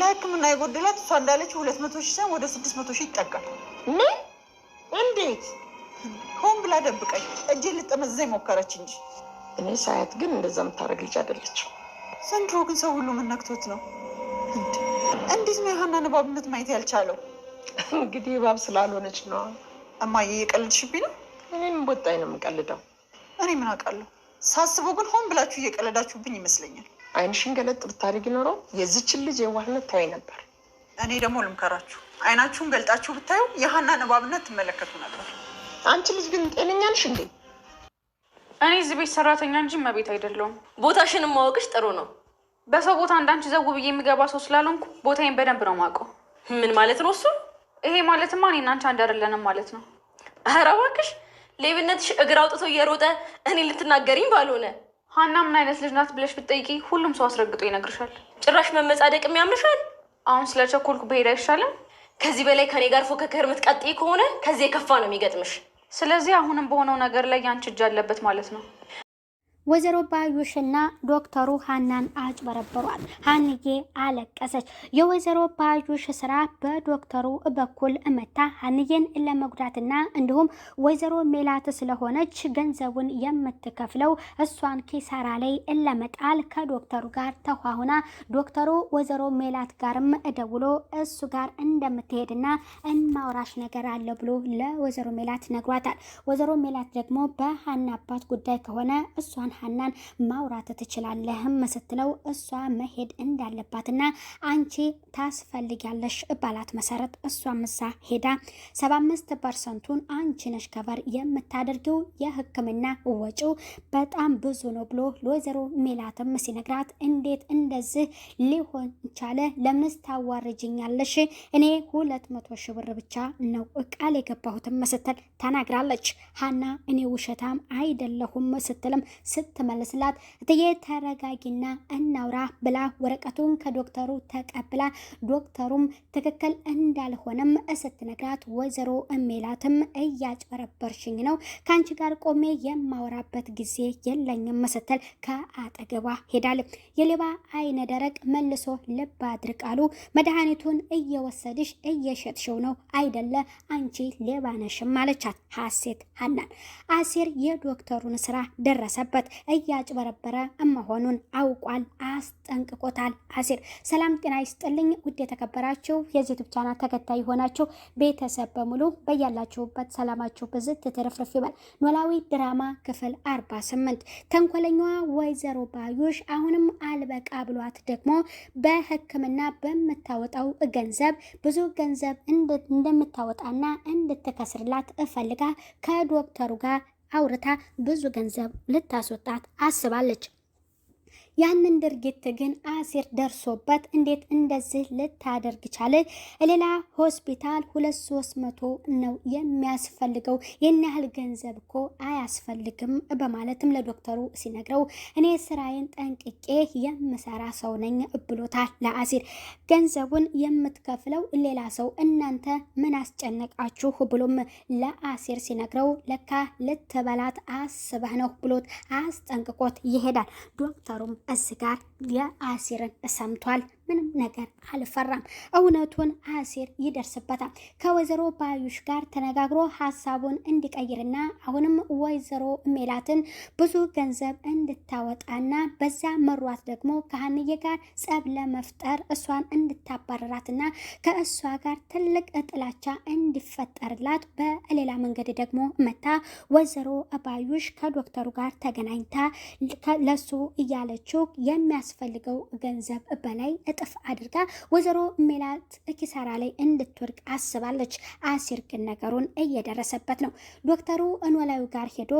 ለሕክምና የጎደላት እሷ እንዳለች ሁለት መቶ ሺህ ሳይሆን ወደ ስድስት መቶ ሺህ ይጠጋል። ምን? እንዴት? ሆን ብላ ደብቀኝ እጄ ልጠመዘኝ ሞከረች እንጂ እኔ ሳያት ግን እንደዛ የምታደርግ ልጅ አይደለችም። ዘንድሮ ግን ሰው ሁሉ ምን ነክቶት ነው? እንዴት ነው የሀናን እባብነት ማየት ያልቻለው? እንግዲህ እባብ ስላልሆነች ነው። እማዬ እየቀለድሽብኝ ነው። እኔም ቦጣይ ነው የምቀልደው። እኔ ምን አውቃለሁ። ሳስበው ግን ሆን ብላችሁ እየቀለዳችሁብኝ ይመስለኛል። አይንሽን ገለጥ ብታደርጊ ኖሮ የዚችን ልጅ የዋህነት ታይ ነበር። እኔ ደግሞ ልምከራችሁ፣ አይናችሁን ገልጣችሁ ብታዩ የሀናን እባብነት ትመለከቱ ነበር። አንቺ ልጅ ግን ጤነኛ ነሽ እንዴ? እኔ እዚህ ቤት ሰራተኛ እንጂ መቤት አይደለውም። ቦታሽን ማወቅሽ ጥሩ ነው። በሰው ቦታ እንዳንቺ ዘው ብዬ የሚገባ ሰው ስላልሆንኩ ቦታዬን በደንብ ነው የማውቀው። ምን ማለት ነው እሱ? ይሄ ማለትማ እኔ እናንቺ አንድ አይደለንም ማለት ነው። ኧረ እባክሽ ሌብነትሽ እግር አውጥቶ እየሮጠ እኔ ልትናገሪኝ ባልሆነ ሀና ምን አይነት ልጅ ናት ብለሽ ብትጠይቂ ሁሉም ሰው አስረግጦ ይነግርሻል። ጭራሽ መመጻደቅ የሚያምርሻል። አሁን ስለቸኮልኩ በሄድ አይሻልም? ከዚህ በላይ ከኔ ጋር ፎከከር የምትቀጥይ ከሆነ ከዚህ የከፋ ነው የሚገጥምሽ። ስለዚህ አሁንም በሆነው ነገር ላይ ያንቺ እጅ አለበት ማለት ነው። ወይዘሮ እና ዶክተሩ ሀናን አጭበረበሯል። ሀንዬ አለቀሰች። የወይዘሮ ባዩሽ ስራ በዶክተሩ በኩል መታ ሀንዬን ለመጉዳትና እንዲሁም ወይዘሮ ሜላት ስለሆነች ገንዘቡን የምትከፍለው እሷን ኪሳራ ላይ ለመጣል ከዶክተሩ ጋር ተኋሁና ዶክተሩ ወይዘሮ ሜላት ጋርም ደውሎ እሱ ጋር እንደምትሄድና እማውራሽ ነገር አለ ብሎ ለወይዘሮ ሜላት ነግሯታል። ወይዘሮ ሜላት ደግሞ በሀና አባት ጉዳይ ከሆነ እሷን ሀናን ማውራት ትችላለህም ስትለው እሷ መሄድ እንዳለባትና አንቺ ታስፈልጊያለሽ ባላት መሰረት እሷ ምሳ ሄዳ ሰባ አምስት ፐርሰንቱን አንቺ ነሽ ከበር የምታደርጊው የህክምና ወጪው በጣም ብዙ ነው ብሎ ለወይዘሮ ሜላትም ሲነግራት እንዴት እንደዚህ ሊሆን ቻለ? ለምንስ ታዋርጅኛለሽ? እኔ ሁለት መቶ ሺህ ብር ብቻ ነው ቃል የገባሁትም ስትል ተናግራለች። ሀና እኔ ውሸታም አይደለሁም ስትልም ስትመልስላት እትዬ ተረጋጊና እናውራ ብላ ወረቀቱን ከዶክተሩ ተቀብላ ዶክተሩም ትክክል እንዳልሆነም ስትነግራት ወይዘሮ ሜላትም እያጭበረበርሽኝ ነው ከአንቺ ጋር ቆሜ የማወራበት ጊዜ የለኝም ስትል ከአጠገቧ ሄዳል። የሌባ አይነ ደረቅ መልሶ ልብ አድርቃሉ መድኃኒቱን እየወሰድሽ እየሸጥሽው ነው አይደለ? አንቺ ሌባ ነሽም አለቻት ሀሴት ሀናን። አሴር የዶክተሩን ስራ ደረሰበት። እያጭበረበረ መሆኑን አውቋል፣ አስጠንቅቆታል። አሲር ሰላም ጤና ይስጥልኝ። ውድ የተከበራችሁ የዚህ ቻናል ተከታይ የሆናችሁ ቤተሰብ በሙሉ በያላችሁበት ሰላማችሁ ብዝት ትርፍርፍ ይበል። ኖላዊ ድራማ ክፍል 48 ተንኮለኛዋ ወይዘሮ ባዩሽ አሁንም አልበቃ ብሏት ደግሞ በሕክምና በምታወጣው ገንዘብ ብዙ ገንዘብ እንደምታወጣና እንድትከስርላት እፈልጋ ከዶክተሩ ጋር አውርታ ብዙ ገንዘብ ልታስወጣት አስባለች። ያንን ድርጊት ግን አሲር ደርሶበት እንዴት እንደዚህ ልታደርግ ቻለ? ሌላ ሆስፒታል ሁለት ሶስት መቶ ነው የሚያስፈልገው ይህን ያህል ገንዘብ እኮ አያስፈልግም በማለትም ለዶክተሩ ሲነግረው እኔ ስራዬን ጠንቅቄ የምሰራ ሰው ነኝ ብሎታል። ለአሲር ገንዘቡን የምትከፍለው ሌላ ሰው እናንተ ምን አስጨነቃችሁ? ብሎም ለአሲር ሲነግረው ለካ ልትበላት አስበህ ነው ብሎት አስጠንቅቆት ይሄዳል ዶክተሩም እዚህ ጋር የአሲርን ሰምቷል። ምንም ነገር አልፈራም። እውነቱን አሲር ይደርስበታል። ከወይዘሮ ባዩሽ ጋር ተነጋግሮ ሀሳቡን እንዲቀይርና አሁንም ወይዘሮ ሜላትን ብዙ ገንዘብ እንድታወጣና በዛ መሯት ደግሞ ከሀንዬ ጋር ጸብ ለመፍጠር እሷን እንድታባረራትና ከእሷ ጋር ትልቅ ጥላቻ እንዲፈጠርላት በሌላ መንገድ ደግሞ መታ ወይዘሮ ባዩሽ ከዶክተሩ ጋር ተገናኝታ ለሱ እያለችው የሚያስፈልገው ገንዘብ በላይ እጥፍ አድርጋ ወይዘሮ ሜላት ኪሳራ ላይ እንድትወድቅ አስባለች። አሲር ግን ነገሩን እየደረሰበት ነው። ዶክተሩ ኖላዊ ጋር ሄዶ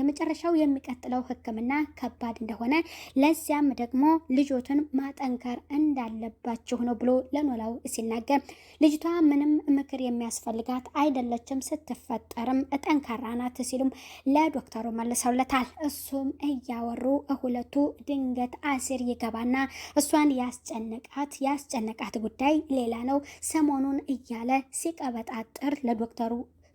የመጨረሻው የሚቀጥለው ሕክምና ከባድ እንደሆነ ለዚያም ደግሞ ልጆትን ማጠንከር እንዳለባችሁ ነው ብሎ ለኖላው ሲናገር ልጅቷ ምንም ምክር የሚያስፈልጋት አይደለችም፣ ስትፈጠርም ጠንካራ ናት ሲሉም ለዶክተሩ መልሰውለታል። እሱም እያወሩ ሁለቱ ድንገት አሲር ይገባና እሷን ያስ ያስጨነቃት ያስጨነቃት ጉዳይ ሌላ ነው። ሰሞኑን እያለ ሲቀበጣጠር ለዶክተሩ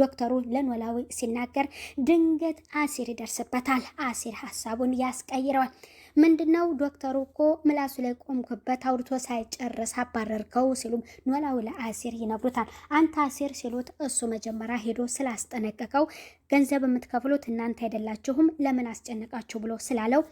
ዶክተሩ ለኖላዊ ሲናገር ድንገት አሲር ይደርስበታል። አሲር ሀሳቡን ያስቀይረዋል። ምንድነው ዶክተሩ እኮ ምላሱ ላይ ቆምኩበት አውርቶ ሳይጨርስ አባረርከው ሲሉም ኖላዊ ለአሲር ይነግሩታል። አንተ አሲር ሲሉት እሱ መጀመሪያ ሄዶ ስላስጠነቀቀው ገንዘብ የምትከፍሉት እናንተ አይደላችሁም ለምን አስጨነቃችሁ ብሎ ስላለው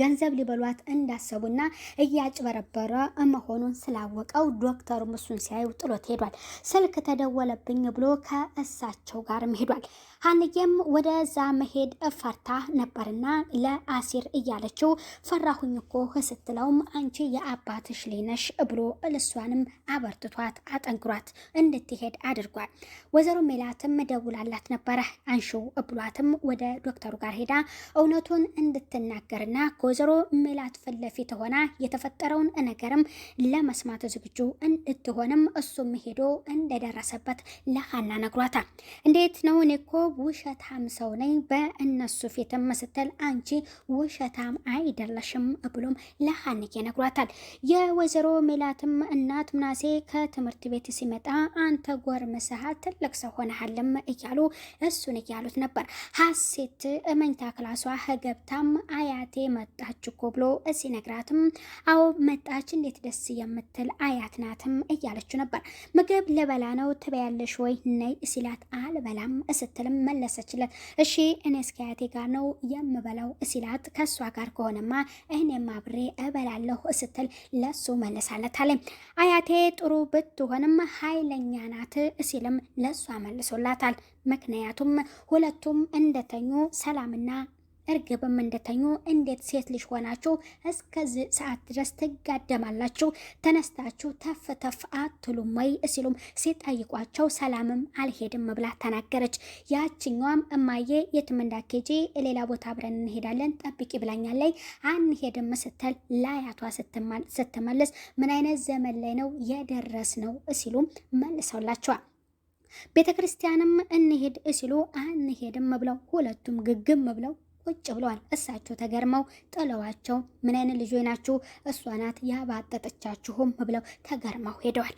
ገንዘብ ሊበሏት እንዳሰቡና እያጭበረበረ መሆኑን ስላወቀው ዶክተሩ እሱን ሲያዩ ጥሎት ሄዷል። ስልክ ተደወለብኝ ብሎ ከእሳቸው ጋርም ሄዷል። ሀንዬም ወደዛ መሄድ ፈርታ ነበርና ለአሲር እያለችው ፈራሁኝ እኮ ስትለውም አንቺ የአባትሽ ሌነሽ ብሎ እልሷንም አበርትቷት አጠንክሯት እንድትሄድ አድርጓል። ወይዘሮ ሜላትም ደውላላት ነበረ አንሺው ብሏትም ወደ ዶክተሩ ጋር ሄዳ እውነቱን እንድትናገርና ወይዘሮ ሜላት ፊት ለፊት ሆና የተፈጠረውን ነገርም ለመስማት ዝግጁ እንድትሆንም እሱም ሄዶ እንደደረሰበት ለሀና ነግሯታል። እንዴት ነው እኔ እኮ ውሸታም ሰው ነኝ በእነሱ ፊትም ስትል አንቺ ውሸታም አይደለሽም ብሎም ለሀንዬ ነግሯታል። የወይዘሮ ሜላትም እናት ምናሴ ከትምህርት ቤት ሲመጣ አንተ ጎርምሰሃ ትልቅ ሰው ሆነሃልም እያሉ እሱን እያሉት ነበር። ሀሴት መኝታ ክላሷ ገብታም አያቴ መ መጣች እኮ ብሎ ሲነግራትም አዎ መጣች፣ እንዴት ደስ የምትል አያት ናትም እያለችው ነበር። ምግብ ልበላ ነው ትበያለሽ ወይ ነይ ሲላት አልበላም ስትልም መለሰችለት። እሺ እኔ እስከ አያቴ ጋር ነው የምበላው ሲላት ከእሷ ጋር ከሆነማ እኔም አብሬ እበላለሁ ስትል ለሱ መልሳለት አለ። አያቴ ጥሩ ብትሆንም ኃይለኛ ናት ሲልም ለሷ መልሶላታል። ምክንያቱም ሁለቱም እንደተኙ ሰላምና እርግብም እንደተኙ እንዴት ሴት ልጅ ሆናችሁ እስከዚህ ሰዓት ድረስ ትጋደማላችሁ? ተነስታችሁ ተፍ ተፍ አትሉም ወይ ሲሉም ሲጠይቋቸው ሰላምም አልሄድም ብላ ተናገረች። ያችኛዋም እማዬ የትም እንዳትሄጂ ሌላ ቦታ አብረን እንሄዳለን ጠብቂ ብላኛል ላይ አንሄድም ስትል ላያቷ ስትመልስ ምን አይነት ዘመን ላይ ነው የደረስ ነው ሲሉም መልሰውላቸዋል። ቤተ ክርስቲያንም እንሄድ ሲሉ አንሄድም ብለው ሁለቱም ግግም ብለው ቁጭ ብለዋል። እሳቸው ተገርመው ጥለዋቸው ምን አይነት ልጆች ናችሁ እሷ ናት ያባጠጠቻችሁም ብለው ተገርመው ሄደዋል።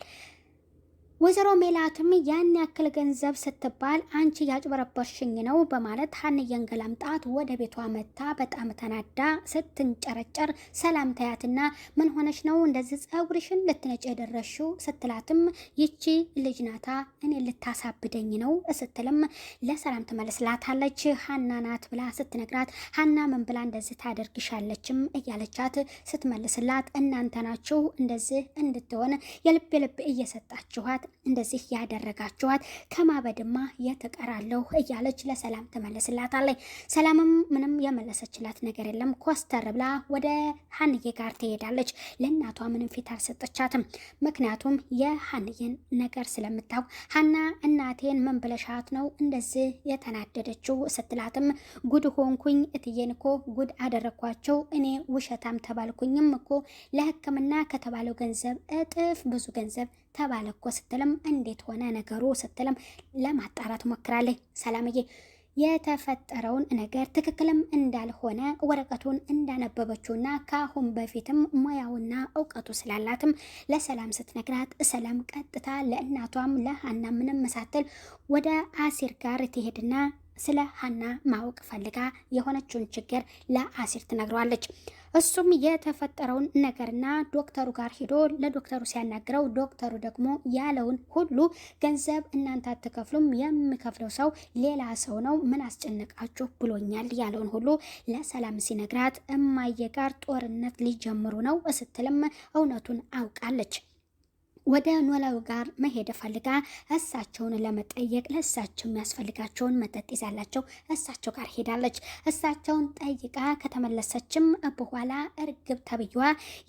ወይዘሮ ሜላትም ያን ያክል ገንዘብ ስትባል አንቺ ያጭበረበርሽኝ ነው በማለት ሀንየን ገላምጣት ወደ ቤቷ መታ በጣም ተናዳ ስትንጨረጨር ሰላም ታያትና ምን ሆነሽ ነው እንደዚህ ጸጉርሽን ልትነጭ የደረሽው ስትላትም ይቺ ልጅ ናታ እኔ ልታሳብደኝ ነው ስትልም ለሰላም ትመልስላታለች። ሀና ናት ብላ ስትነግራት ሀና ምን ብላ እንደዚህ ታደርግሻለችም እያለቻት ስትመልስላት እናንተ ናችሁ እንደዚህ እንድትሆን የልብ የልብ እየሰጣችኋት እንደዚህ ያደረጋችኋት ከማበድማ የተቀራለሁ እያለች ለሰላም ትመልስላታለች። ሰላምም ምንም የመለሰችላት ነገር የለም። ኮስተር ብላ ወደ ሀንዬ ጋር ትሄዳለች። ለእናቷ ምንም ፊት አልሰጠቻትም። ምክንያቱም የሀንዬን ነገር ስለምታውቅ ሀና እናቴን ምን ብለሻት ነው እንደዚህ የተናደደችው ስትላትም ጉድ ሆንኩኝ እትዬን እኮ ጉድ አደረግኳቸው እኔ ውሸታም ተባልኩኝም እኮ ለሕክምና ከተባለው ገንዘብ እጥፍ ብዙ ገንዘብ ተባለ እኮ ስትልም እንዴት ሆነ ነገሩ ስትልም ለማጣራት ሞክራለች ሰላምዬ። የተፈጠረውን ነገር ትክክልም እንዳልሆነ ወረቀቱን እንዳነበበችውና ከአሁን በፊትም ሙያውና እውቀቱ ስላላትም ለሰላም ስትነግራት ሰላም ቀጥታ ለእናቷም ለሀና ምንም መሳትል ወደ አሲር ጋር ትሄድና ስለ ሀና ማወቅ ፈልጋ የሆነችውን ችግር ለአሲር ትነግረዋለች። እሱም የተፈጠረውን ነገርና ዶክተሩ ጋር ሄዶ ለዶክተሩ ሲያናግረው ዶክተሩ ደግሞ ያለውን ሁሉ ገንዘብ እናንተ አትከፍሉም፣ የሚከፍለው ሰው ሌላ ሰው ነው፣ ምን አስጨነቃችሁ ብሎኛል ያለውን ሁሉ ለሰላም ሲነግራት እማዬ ጋር ጦርነት ሊጀምሩ ነው ስትልም እውነቱን አውቃለች። ወደ ኖላዊ ጋር መሄድ ፈልጋ እሳቸውን ለመጠየቅ ለእሳቸው የሚያስፈልጋቸውን መጠጥ ይዛላቸው እሳቸው ጋር ሄዳለች። እሳቸውን ጠይቃ ከተመለሰችም በኋላ እርግብ ተብዬዋ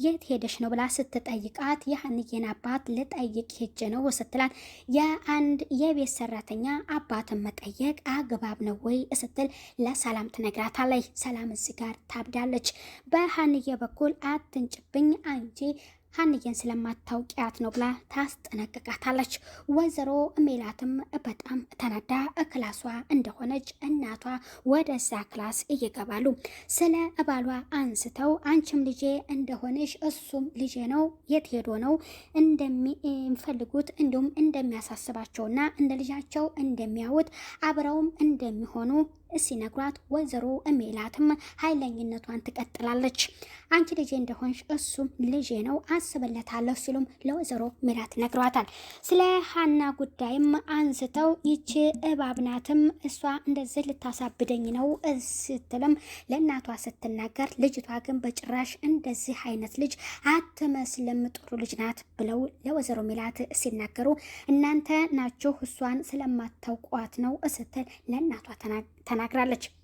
የት ሄደሽ ነው ብላ ስትጠይቃት የሀንዬን አባት ልጠይቅ ሄጄ ነው ስትላት የአንድ የቤት ሰራተኛ አባትን መጠየቅ አግባብ ነው ወይ ስትል ለሰላም ትነግራታለች። ሰላም እዚህ ጋር ታብዳለች። በሀንዬ በኩል አትንጭብኝ አንቺ ሀንዬን ስለማታውቂያት ነው ብላ ታስጠነቅቃታለች። ወይዘሮ ሜላትም በጣም ተናዳ ክላሷ እንደሆነች እናቷ ወደዛ ክላስ እየገባሉ ስለ ባሏ አንስተው አንቺም ልጄ እንደሆነሽ እሱም ልጄ ነው የት ሄዶ ነው እንደሚፈልጉት እንዲሁም እንደሚያሳስባቸውና እንደ ልጃቸው እንደሚያዩት አብረውም እንደሚሆኑ ሲነግሯት ወይዘሮ ሜላትም ኃይለኝነቷን ትቀጥላለች። አንቺ ልጄ እንደሆንሽ እሱም ልጄ ነው አስብለታለሁ ሲሉም ለወይዘሮ ሜላት ነግሯታል። ስለ ሀና ጉዳይም አንስተው ይቺ እባብናትም እሷ እንደዚህ ልታሳብደኝ ነው ስትልም ለእናቷ ስትናገር ልጅቷ ግን በጭራሽ እንደዚህ አይነት ልጅ አትመስልም፣ ጥሩ ልጅ ናት ብለው ለወይዘሮ ሜላት ሲናገሩ እናንተ ናችሁ እሷን ስለማታውቋት ነው ስትል ለእናቷ ተናገ ተናግራለች።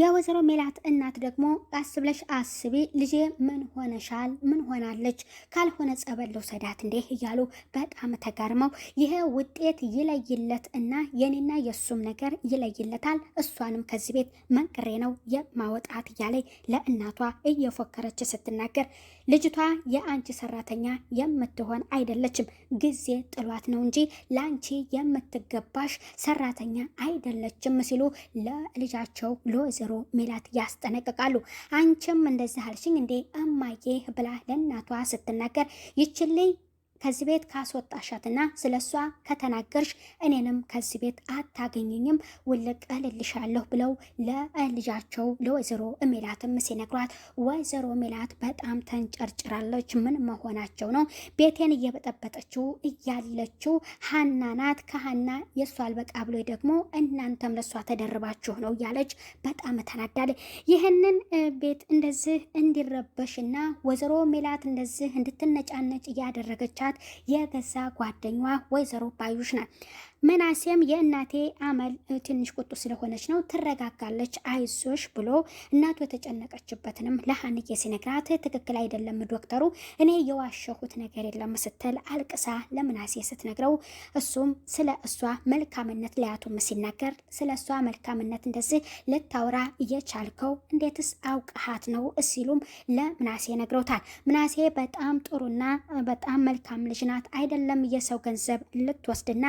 የወይዘሮ ሜላት እናት ደግሞ ቀስ ብለሽ አስቢ ልጄ ምን ሆነሻል? ምን ሆናለች? ካልሆነ ጸበል ልውሰዳት እንዴ እያሉ በጣም ተጋርመው ይሄ ውጤት ይለይለት እና የኔና የእሱም ነገር ይለይለታል፣ እሷንም ከዚህ ቤት መንቅሬ ነው የማወጣት እያለኝ ለእናቷ እየፎከረች ስትናገር ልጅቷ የአንቺ ሰራተኛ የምትሆን አይደለችም፣ ጊዜ ጥሏት ነው እንጂ ለአንቺ የምትገባሽ ሰራተኛ አይደለችም ሲሉ ለልጃቸው ሎዝ ወይዘሮ ሜላት ያስጠነቅቃሉ። አንቺም እንደዚህ አልሽኝ እንዴ እማዬ ብላ ለእናቷ ስትናገር ይችልኝ ከዚህ ቤት ካስወጣሻትና ስለ እሷ ከተናገርሽ እኔንም ከዚህ ቤት አታገኝኝም፣ ውልቅ እልልሻለሁ ብለው ለልጃቸው ለወይዘሮ ሜላትም ሲነግሯት ወይዘሮ ሜላት በጣም ተንጨርጭራለች። ምን መሆናቸው ነው? ቤቴን እየበጠበጠችው እያለችው ሀና ናት። ከሀና የእሷ አልበቃ ብሎ ደግሞ እናንተም ለእሷ ተደርባችሁ ነው እያለች በጣም ተናዳለች። ይህንን ቤት እንደዚህ እንዲረበሽና ወይዘሮ ሜላት እንደዚህ እንድትነጫነጭ እያደረገቻት ያገኘኋት የገዛ ጓደኛዋ ወይዘሮ ባዩሽ ናት። መናሴም የእናቴ አመል ትንሽ ቁጡ ስለሆነች ነው ትረጋጋለች፣ አይዞሽ ብሎ እናቱ የተጨነቀችበትንም ለሀንዬ ሲነግራት ትክክል አይደለም ዶክተሩ፣ እኔ የዋሸሁት ነገር የለም ስትል አልቅሳ ለምናሴ ስትነግረው እሱም ስለ እሷ መልካምነት ለያቱም ሲናገር ስለ እሷ መልካምነት እንደዚህ ልታውራ እየቻልከው እንዴትስ አውቅሃት ነው ሲሉም ለምናሴ ነግረውታል። ምናሴ በጣም ጥሩና በጣም መልካም ልጅ ናት አይደለም የሰው ገንዘብ ልትወስድና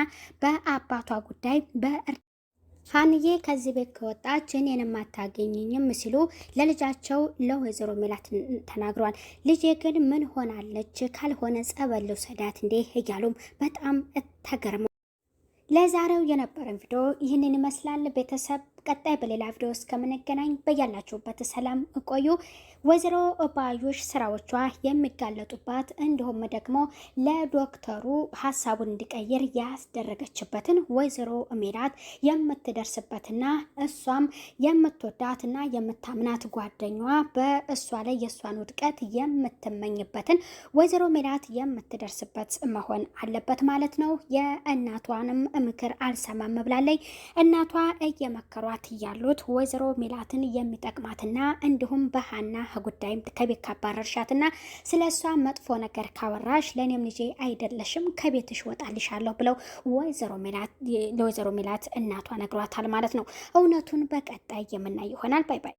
በ በአባቷ ጉዳይ በእርዳ ሀንዬ ከዚህ ቤት ከወጣች እኔን የማታገኝኝም ሲሉ ለልጃቸው ለወይዘሮ ሜላት ተናግሯል። ልጄ ግን ምን ሆናለች? ካልሆነ ጸበል ውሰዳት እንዴ እያሉም በጣም ተገርመው ለዛሬው የነበረን ቪዲዮ ይህንን ይመስላል። ቤተሰብ ቀጣይ በሌላ ቪዲዮ እስከምንገናኝ በያላችሁበት ሰላም እቆዩ። ወይዘሮ ባዩሽ ስራዎቿ የሚጋለጡባት እንዲሁም ደግሞ ለዶክተሩ ሀሳቡን እንዲቀይር ያስደረገችበትን ወይዘሮ ሜላት የምትደርስበትና እሷም የምትወዳትና የምታምናት ጓደኛዋ በእሷ ላይ የእሷን ውድቀት የምትመኝበትን ወይዘሮ ሜላት የምትደርስበት መሆን አለበት ማለት ነው። የእናቷንም ምክር አልሰማም ብላለች። እናቷ እየመከሯት ያሉት ወይዘሮ ሜላትን የሚጠቅማትና እንዲሁም በሀና ከጉዳይም ከቤት ካባረርሻትና ስለ እሷ መጥፎ ነገር ካወራሽ ለእኔም ልጄ አይደለሽም ከቤትሽ ወጣልሻለሁ ብለው ለወይዘሮ ሜላት እናቷ ነግሯታል ማለት ነው። እውነቱን በቀጣይ የምናይ ይሆናል። ባይ ባይ።